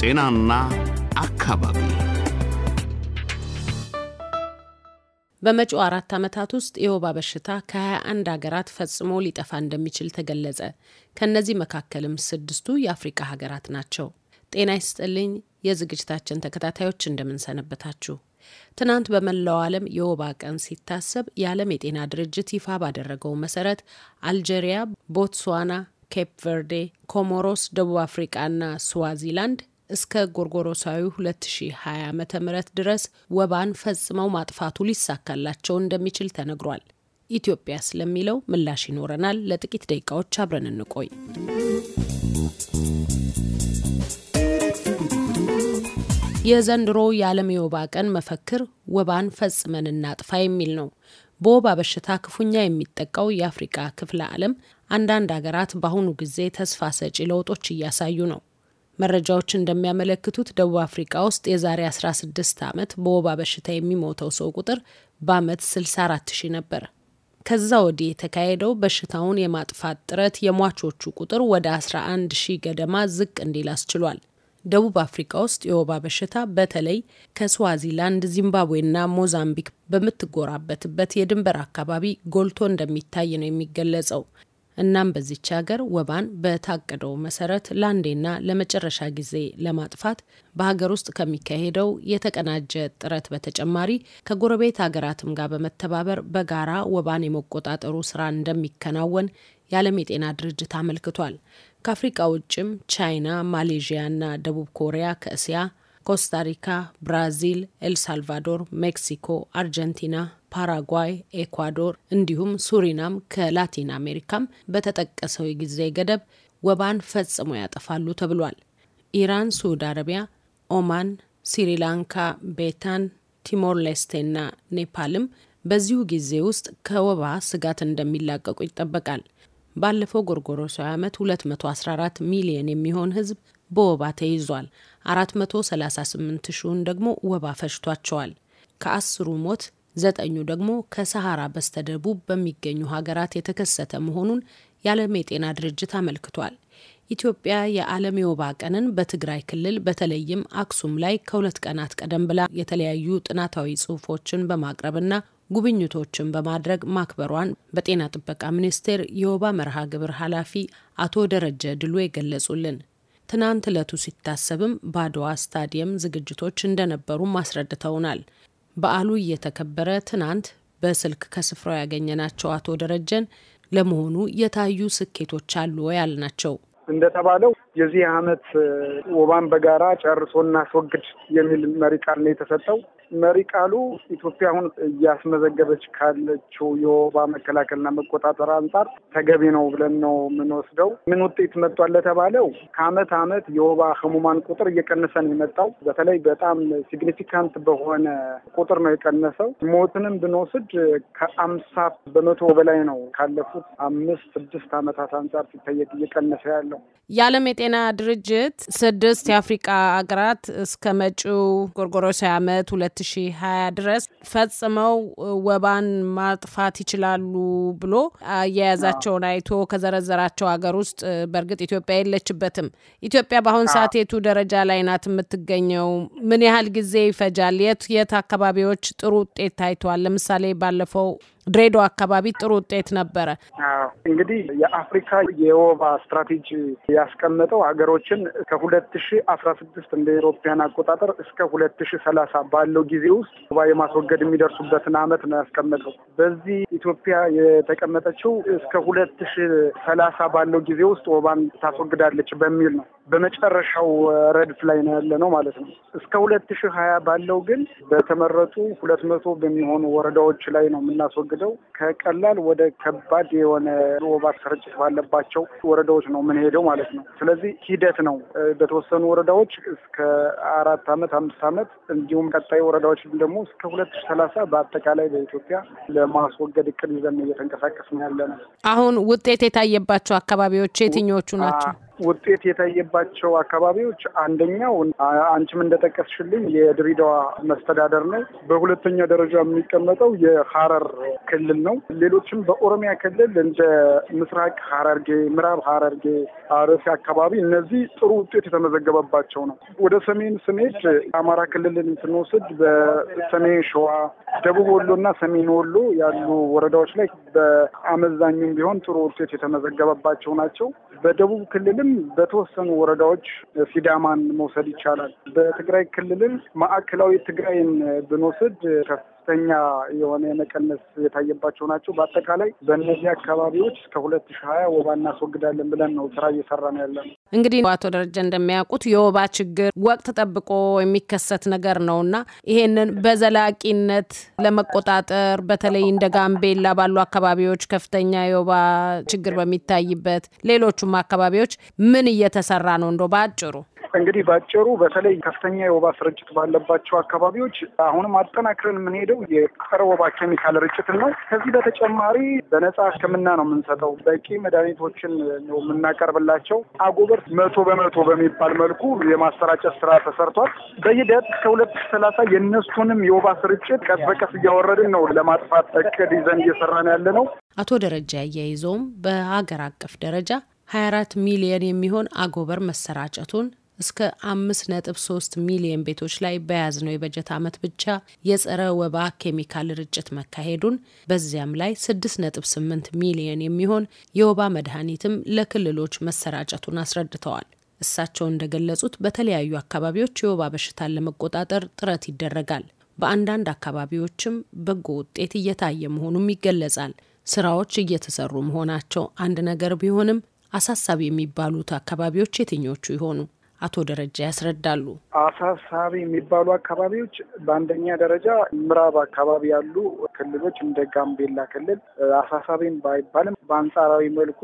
ጤናና አካባቢ በመጪው አራት ዓመታት ውስጥ የወባ በሽታ ከ21 ሀገራት ፈጽሞ ሊጠፋ እንደሚችል ተገለጸ። ከእነዚህ መካከልም ስድስቱ የአፍሪቃ ሀገራት ናቸው። ጤና ይስጥልኝ የዝግጅታችን ተከታታዮች እንደምንሰነበታችሁ። ትናንት በመላው ዓለም የወባ ቀን ሲታሰብ የዓለም የጤና ድርጅት ይፋ ባደረገው መሰረት አልጄሪያ፣ ቦትስዋና፣ ኬፕ ቨርዴ፣ ኮሞሮስ፣ ደቡብ አፍሪቃና ስዋዚላንድ እስከ ጎርጎሮሳዊ 2020 ዓ ም ድረስ ወባን ፈጽመው ማጥፋቱ ሊሳካላቸው እንደሚችል ተነግሯል። ኢትዮጵያ ስለሚለው ምላሽ ይኖረናል። ለጥቂት ደቂቃዎች አብረን እንቆይ። የዘንድሮ የዓለም የወባ ቀን መፈክር ወባን ፈጽመን እናጥፋ የሚል ነው። በወባ በሽታ ክፉኛ የሚጠቃው የአፍሪቃ ክፍለ ዓለም አንዳንድ አገራት በአሁኑ ጊዜ ተስፋ ሰጪ ለውጦች እያሳዩ ነው። መረጃዎች እንደሚያመለክቱት ደቡብ አፍሪካ ውስጥ የዛሬ 16 ዓመት በወባ በሽታ የሚሞተው ሰው ቁጥር በዓመት 64 ሺህ ነበር። ከዛ ወዲህ የተካሄደው በሽታውን የማጥፋት ጥረት የሟቾቹ ቁጥር ወደ 11 ሺህ ገደማ ዝቅ እንዲል አስችሏል። ደቡብ አፍሪካ ውስጥ የወባ በሽታ በተለይ ከስዋዚላንድ፣ ዚምባብዌና ሞዛምቢክ በምትጎራበትበት የድንበር አካባቢ ጎልቶ እንደሚታይ ነው የሚገለጸው። እናም በዚች ሀገር ወባን በታቀደው መሰረት ለአንዴና ለመጨረሻ ጊዜ ለማጥፋት በሀገር ውስጥ ከሚካሄደው የተቀናጀ ጥረት በተጨማሪ ከጎረቤት ሀገራትም ጋር በመተባበር በጋራ ወባን የመቆጣጠሩ ስራ እንደሚከናወን የዓለም የጤና ድርጅት አመልክቷል። ከአፍሪቃ ውጭም ቻይና፣ ማሌዥያ እና ደቡብ ኮሪያ ከእስያ ኮስታሪካ፣ ብራዚል፣ ኤልሳልቫዶር፣ ሜክሲኮ፣ አርጀንቲና ፓራጓይ፣ ኤኳዶር እንዲሁም ሱሪናም ከላቲን አሜሪካም በተጠቀሰው የጊዜ ገደብ ወባን ፈጽሞ ያጠፋሉ ተብሏል። ኢራን፣ ሱድ አረቢያ፣ ኦማን፣ ስሪላንካ፣ ቤታን፣ ቲሞር ሌስቴና ኔፓልም በዚሁ ጊዜ ውስጥ ከወባ ስጋት እንደሚላቀቁ ይጠበቃል። ባለፈው ጎርጎሮሳዊ ዓመት 214 ሚሊየን የሚሆን ሕዝብ በወባ ተይዟል። 438 ሺውን ደግሞ ወባ ፈጅቷቸዋል። ከአስሩ ሞት ዘጠኙ ደግሞ ከሰሃራ በስተደቡብ በሚገኙ ሀገራት የተከሰተ መሆኑን የዓለም የጤና ድርጅት አመልክቷል። ኢትዮጵያ የዓለም የወባ ቀንን በትግራይ ክልል በተለይም አክሱም ላይ ከሁለት ቀናት ቀደም ብላ የተለያዩ ጥናታዊ ጽሑፎችን በማቅረብና ጉብኝቶችን በማድረግ ማክበሯን በጤና ጥበቃ ሚኒስቴር የወባ መርሃ ግብር ኃላፊ አቶ ደረጀ ድሉ የገለጹልን። ትናንት ዕለቱ ሲታሰብም በአድዋ ስታዲየም ዝግጅቶች እንደነበሩም አስረድተውናል። በዓሉ እየተከበረ ትናንት በስልክ ከስፍራው ያገኘናቸው አቶ ደረጀን ለመሆኑ የታዩ ስኬቶች አሉ ወይ? እንደተባለው የዚህ ዓመት ወባን በጋራ ጨርሶ እናስወግድ የሚል መሪ ቃል ነው የተሰጠው። መሪ ቃሉ ኢትዮጵያ አሁን እያስመዘገበች ካለችው የወባ መከላከልና መቆጣጠር አንጻር ተገቢ ነው ብለን ነው የምንወስደው። ምን ውጤት መጥቷል ለተባለው ከአመት አመት የወባ ህሙማን ቁጥር እየቀነሰ ነው የመጣው። በተለይ በጣም ሲግኒፊካንት በሆነ ቁጥር ነው የቀነሰው። ሞትንም ብንወስድ ከአምሳ በመቶ በላይ ነው ካለፉት አምስት ስድስት አመታት አንጻር ሲታየቅ እየቀነሰ ያለው ነው። የዓለም የጤና ድርጅት ስድስት የአፍሪቃ አገራት እስከ መጪው ጎርጎሮሳዊ ዓመት 2020 ድረስ ፈጽመው ወባን ማጥፋት ይችላሉ ብሎ አያያዛቸውን አይቶ ከዘረዘራቸው ሀገር ውስጥ በእርግጥ ኢትዮጵያ የለችበትም። ኢትዮጵያ በአሁን ሰዓት የቱ ደረጃ ላይ ናት የምትገኘው? ምን ያህል ጊዜ ይፈጃል? የት የት አካባቢዎች ጥሩ ውጤት ታይተዋል? ለምሳሌ ባለፈው ድሬዳዋ አካባቢ ጥሩ ውጤት ነበረ። እንግዲህ የአፍሪካ የወባ ስትራቴጂ ያስቀመጠው ሀገሮችን ከሁለት ሺ አስራ ስድስት እንደ ኢሮፓያን አቆጣጠር እስከ ሁለት ሺ ሰላሳ ባለው ጊዜ ውስጥ ወባ የማስወገድ የሚደርሱበትን አመት ነው ያስቀመጠው። በዚህ ኢትዮጵያ የተቀመጠችው እስከ ሁለት ሺ ሰላሳ ባለው ጊዜ ውስጥ ወባን ታስወግዳለች በሚል ነው። በመጨረሻው ረድፍ ላይ ነው ያለ ነው ማለት ነው። እስከ ሁለት ሺህ ሀያ ባለው ግን በተመረጡ ሁለት መቶ በሚሆኑ ወረዳዎች ላይ ነው የምናስወግደው። ከቀላል ወደ ከባድ የሆነ ወባ ስርጭት ባለባቸው ወረዳዎች ነው የምንሄደው ማለት ነው። ስለዚህ ሂደት ነው። በተወሰኑ ወረዳዎች እስከ አራት አመት አምስት አመት እንዲሁም ቀጣይ ወረዳዎች ደግሞ እስከ ሁለት ሺህ ሰላሳ በአጠቃላይ በኢትዮጵያ ለማስወገድ እቅድ ይዘን እየተንቀሳቀስ ነው ያለ ነው። አሁን ውጤት የታየባቸው አካባቢዎች የትኞቹ ናቸው? ውጤት የታየባቸው አካባቢዎች አንደኛው አንቺም እንደጠቀስሽልኝ የድሬዳዋ መስተዳደር ነው። በሁለተኛ ደረጃ የሚቀመጠው የሀረር ክልል ነው። ሌሎችም በኦሮሚያ ክልል እንደ ምስራቅ ሀረርጌ፣ ምዕራብ ሀረርጌ፣ አርሲ አካባቢ እነዚህ ጥሩ ውጤት የተመዘገበባቸው ነው። ወደ ሰሜን ስሜት አማራ ክልልን ስንወስድ በሰሜን ሸዋ፣ ደቡብ ወሎ እና ሰሜን ወሎ ያሉ ወረዳዎች ላይ በአመዛኙም ቢሆን ጥሩ ውጤት የተመዘገበባቸው ናቸው። በደቡብ ክልልም ክልልም በተወሰኑ ወረዳዎች ሲዳማን መውሰድ ይቻላል። በትግራይ ክልልም ማዕከላዊ ትግራይን ብንወስድ ከፍተኛ የሆነ መቀነስ የታየባቸው ናቸው። በአጠቃላይ በእነዚህ አካባቢዎች እስከ ሁለት ሺህ ሀያ ወባ እናስወግዳለን ብለን ነው ስራ እየሰራ ነው ያለነው። እንግዲህ አቶ ደረጀ እንደሚያውቁት የወባ ችግር ወቅት ጠብቆ የሚከሰት ነገር ነው እና ይሄንን በዘላቂነት ለመቆጣጠር በተለይ እንደ ጋምቤላ ባሉ አካባቢዎች ከፍተኛ የወባ ችግር በሚታይበት ሌሎቹም አካባቢዎች ምን እየተሰራ ነው? እንደው በአጭሩ እንግዲህ ባጭሩ በተለይ ከፍተኛ የወባ ስርጭት ባለባቸው አካባቢዎች አሁንም አጠናክረን የምንሄደው የጸረ ወባ ኬሚካል ርጭትን ነው። ከዚህ በተጨማሪ በነጻ ሕክምና ነው የምንሰጠው። በቂ መድኃኒቶችን ነው የምናቀርብላቸው። አጎበር መቶ በመቶ በሚባል መልኩ የማሰራጨት ስራ ተሰርቷል። በሂደት ከሁለት ሰላሳ የእነሱንም የወባ ስርጭት ቀስ በቀስ እያወረድን ነው ለማጥፋት እቅድ ይዘን እየሰራን ያለ ነው። አቶ ደረጃ አያይዘውም በሀገር አቀፍ ደረጃ 24 ሚሊዮን የሚሆን አጎበር መሰራጨቱን እስከ 5.3 ሚሊዮን ቤቶች ላይ በያዝነው የበጀት ዓመት ብቻ የጸረ ወባ ኬሚካል ርጭት መካሄዱን በዚያም ላይ 6.8 ሚሊዮን የሚሆን የወባ መድኃኒትም ለክልሎች መሰራጨቱን አስረድተዋል። እሳቸው እንደገለጹት በተለያዩ አካባቢዎች የወባ በሽታን ለመቆጣጠር ጥረት ይደረጋል። በአንዳንድ አካባቢዎችም በጎ ውጤት እየታየ መሆኑም ይገለጻል። ስራዎች እየተሰሩ መሆናቸው አንድ ነገር ቢሆንም አሳሳቢ የሚባሉት አካባቢዎች የትኞቹ ይሆኑ? አቶ ደረጃ ያስረዳሉ። አሳሳቢ የሚባሉ አካባቢዎች በአንደኛ ደረጃ ምዕራብ አካባቢ ያሉ ክልሎች እንደ ጋምቤላ ክልል አሳሳቢም ባይባልም በአንጻራዊ መልኩ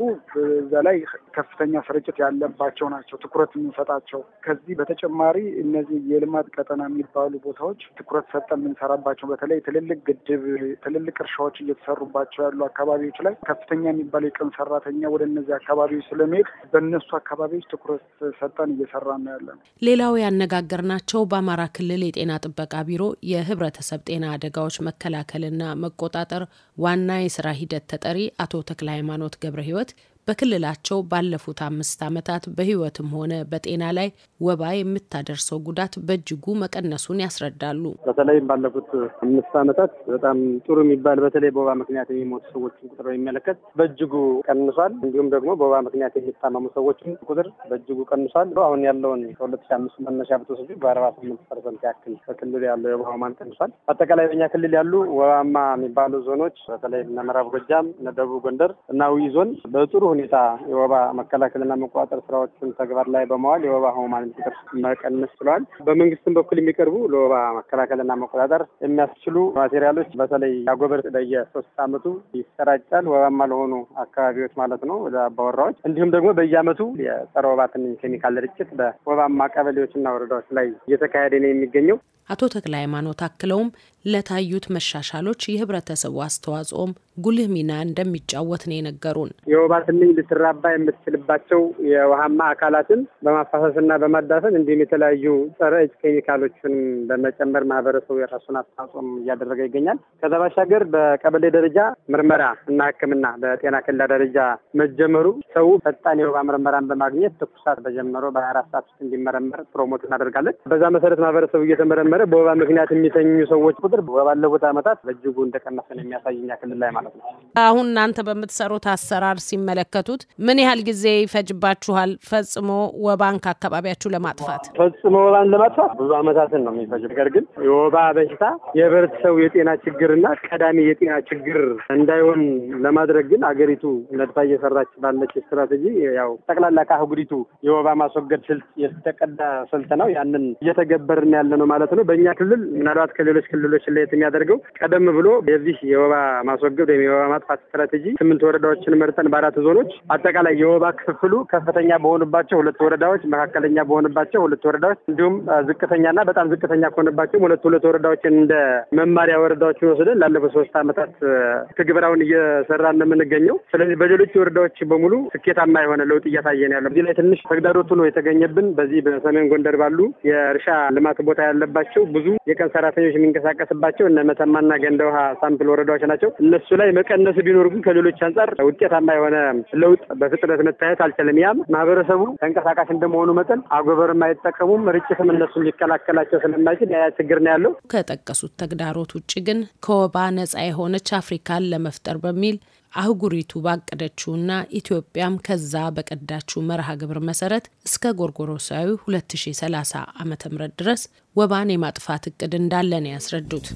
እዛ ላይ ከፍተኛ ስርጭት ያለባቸው ናቸው ትኩረት የምንሰጣቸው። ከዚህ በተጨማሪ እነዚህ የልማት ቀጠና የሚባሉ ቦታዎች ትኩረት ሰጠን የምንሰራባቸው በተለይ ትልልቅ ግድብ፣ ትልልቅ እርሻዎች እየተሰሩባቸው ያሉ አካባቢዎች ላይ ከፍተኛ የሚባል የቀን ሰራተኛ ወደ እነዚህ አካባቢዎች ስለመሄድ በእነሱ አካባቢዎች ትኩረት ሰጠን እየሰራ ነው ያለ ነው። ሌላው ያነጋገርናቸው በአማራ ክልል የጤና ጥበቃ ቢሮ የህብረተሰብ ጤና አደጋዎች መከላከልና መቆጣጠር ዋና የስራ ሂደት ተጠሪ አቶ ተክለ ሃይማኖት ገብረ ህይወት በክልላቸው ባለፉት አምስት ዓመታት በህይወትም ሆነ በጤና ላይ ወባ የምታደርሰው ጉዳት በእጅጉ መቀነሱን ያስረዳሉ። በተለይም ባለፉት አምስት ዓመታት በጣም ጥሩ የሚባል በተለይ በወባ ምክንያት የሚሞቱ ሰዎችን ቁጥር የሚመለከት በእጅጉ ቀንሷል። እንዲሁም ደግሞ በወባ ምክንያት የሚታመሙ ሰዎችን ቁጥር በእጅጉ ቀንሷል። አሁን ያለውን ከሁለት ሺ አምስት መነሻ ብትወስዱ በአርባ ስምንት ፐርሰንት ያክል በክልሉ ያለው የወባ ህሙማን ቀንሷል። አጠቃላይ በኛ ክልል ያሉ ወባማ የሚባሉ ዞኖች በተለይ እነ ምዕራብ ጎጃም፣ እነ ደቡብ ጎንደር እና ውይ ዞን በጥሩ ሁኔታ የወባ መከላከልና መቆጣጠር ስራዎችን ተግባር ላይ በመዋል የወባ ህሙማን የመድኃኒት ቁጥር መቀነስ ችሏል። በመንግስትም በኩል የሚቀርቡ ለወባ መከላከልና መቆጣጠር የሚያስችሉ ማቴሪያሎች በተለይ አጎበር በየሶስት አመቱ ይሰራጫል፣ ወባማ ለሆኑ አካባቢዎች ማለት ነው፣ ለአባወራዎች እንዲሁም ደግሞ በየአመቱ የጸረ ወባ ትንኝ ኬሚካል ርጭት በወባማ ቀበሌዎችና ወረዳዎች ላይ እየተካሄደ ነው የሚገኘው። አቶ ተክለ ሃይማኖት አክለውም ለታዩት መሻሻሎች የህብረተሰቡ አስተዋጽኦም ጉልህ ሚና እንደሚጫወት ነው የነገሩን። የወባ ትንኝ ልትራባ የምትችልባቸው የውሃማ አካላትን በማፋሰስና በማዳፈን እንዲሁም የተለያዩ ጸረ እጅ ኬሚካሎችን በመጨመር ማህበረሰቡ የራሱን አስተዋጽኦም እያደረገ ይገኛል። ከዛ ባሻገር በቀበሌ ደረጃ ምርመራ እና ሕክምና በጤና ኬላ ደረጃ መጀመሩ ሰው ፈጣን የወባ ምርመራን በማግኘት ትኩሳት በጀመረው በሀያ አራት ሰዓት ውስጥ እንዲመረመር ፕሮሞት እናደርጋለን። በዛ መሰረት ማህበረሰቡ እየተመረመረ በወባ ምክንያት የሚተኙ ሰዎች ቁጥር ባለፉት ዓመታት በእጅጉ እንደቀነሰን የሚያሳይ እኛ ክልል ላይ ማለት ነው። አሁን እናንተ በምትሰሩት አሰራር ሲመለከቱት ምን ያህል ጊዜ ይፈጅባችኋል? ፈጽሞ ወባን ከአካባቢያችሁ ለማጥፋት ፈጽሞ ወባን ለማጥፋት ብዙ ዓመታትን ነው የሚፈጅ። ነገር ግን የወባ በሽታ የህብረተሰቡ የጤና ችግርና ቀዳሚ የጤና ችግር እንዳይሆን ለማድረግ ግን አገሪቱ ነድፋ እየሰራች ባለች ስትራቴጂ ያው ጠቅላላ ከአህጉሪቱ የወባ ማስወገድ ስልት የተቀዳ ስልት ነው። ያንን እየተገበርን ያለ ነው ማለት ነው። በእኛ ክልል ምናልባት ከሌሎች ክልሎች ዞናችን ለየት የሚያደርገው ቀደም ብሎ የዚህ የወባ ማስወገድ ወይም የወባ ማጥፋት ስትራቴጂ ስምንት ወረዳዎችን መርጠን በአራት ዞኖች አጠቃላይ የወባ ክፍፍሉ ከፍተኛ በሆኑባቸው ሁለት ወረዳዎች፣ መካከለኛ በሆኑባቸው ሁለት ወረዳዎች እንዲሁም ዝቅተኛና በጣም ዝቅተኛ ከሆነባቸው ሁለት ሁለት ወረዳዎችን እንደ መማሪያ ወረዳዎችን ወስደን ላለፉት ሶስት ዓመታት ትግበራውን እየሰራ እንደምንገኘው። ስለዚህ በሌሎች ወረዳዎች በሙሉ ስኬታማ የሆነ ለውጥ እያሳየን ያለው እዚህ ላይ ትንሽ ተግዳሮቱ ነው የተገኘብን። በዚህ በሰሜን ጎንደር ባሉ የእርሻ ልማት ቦታ ያለባቸው ብዙ የቀን ሰራተኞች የሚንቀሳቀስ የሚደርስባቸው እነ መተማና ገንደ ውሃ ሳምፕል ወረዳዎች ናቸው። እነሱ ላይ መቀነስ ቢኖር ግን ከሌሎች አንጻር ውጤታማ የሆነ ለውጥ በፍጥነት መታየት አልችልም። ያም ማህበረሰቡ ተንቀሳቃሽ እንደመሆኑ መጠን አጎበርም አይጠቀሙም፣ ርጭትም እነሱ ሊከላከላቸው ስለማይችል ያ ችግር ነው ያለው። ከጠቀሱት ተግዳሮት ውጭ ግን ከወባ ነጻ የሆነች አፍሪካን ለመፍጠር በሚል አህጉሪቱ ባቀደችውና ኢትዮጵያም ከዛ በቀዳችው መርሃ ግብር መሰረት እስከ ጎርጎሮሳዊ 2030 ዓ.ም ድረስ ወባን የማጥፋት እቅድ እንዳለ ነው ያስረዱት።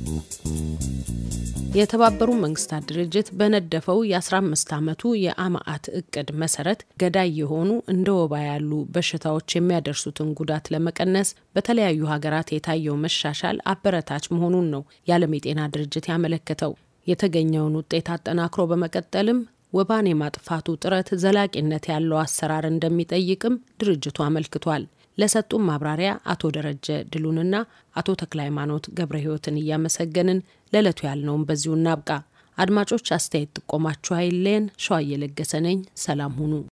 የተባበሩ መንግስታት ድርጅት በነደፈው የ15 ዓመቱ የአማአት እቅድ መሰረት ገዳይ የሆኑ እንደ ወባ ያሉ በሽታዎች የሚያደርሱትን ጉዳት ለመቀነስ በተለያዩ ሀገራት የታየው መሻሻል አበረታች መሆኑን ነው የዓለም የጤና ድርጅት ያመለከተው። የተገኘውን ውጤት አጠናክሮ በመቀጠልም ወባን የማጥፋቱ ጥረት ዘላቂነት ያለው አሰራር እንደሚጠይቅም ድርጅቱ አመልክቷል። ለሰጡም ማብራሪያ አቶ ደረጀ ድሉንና አቶ ተክለ ሃይማኖት ገብረ ህይወትን እያመሰገንን ለዕለቱ ያልነውን በዚሁ እናብቃ። አድማጮች፣ አስተያየት ጥቆማችሁ አይለየን። ሸዋ እየለገሰ ነኝ። ሰላም ሁኑ።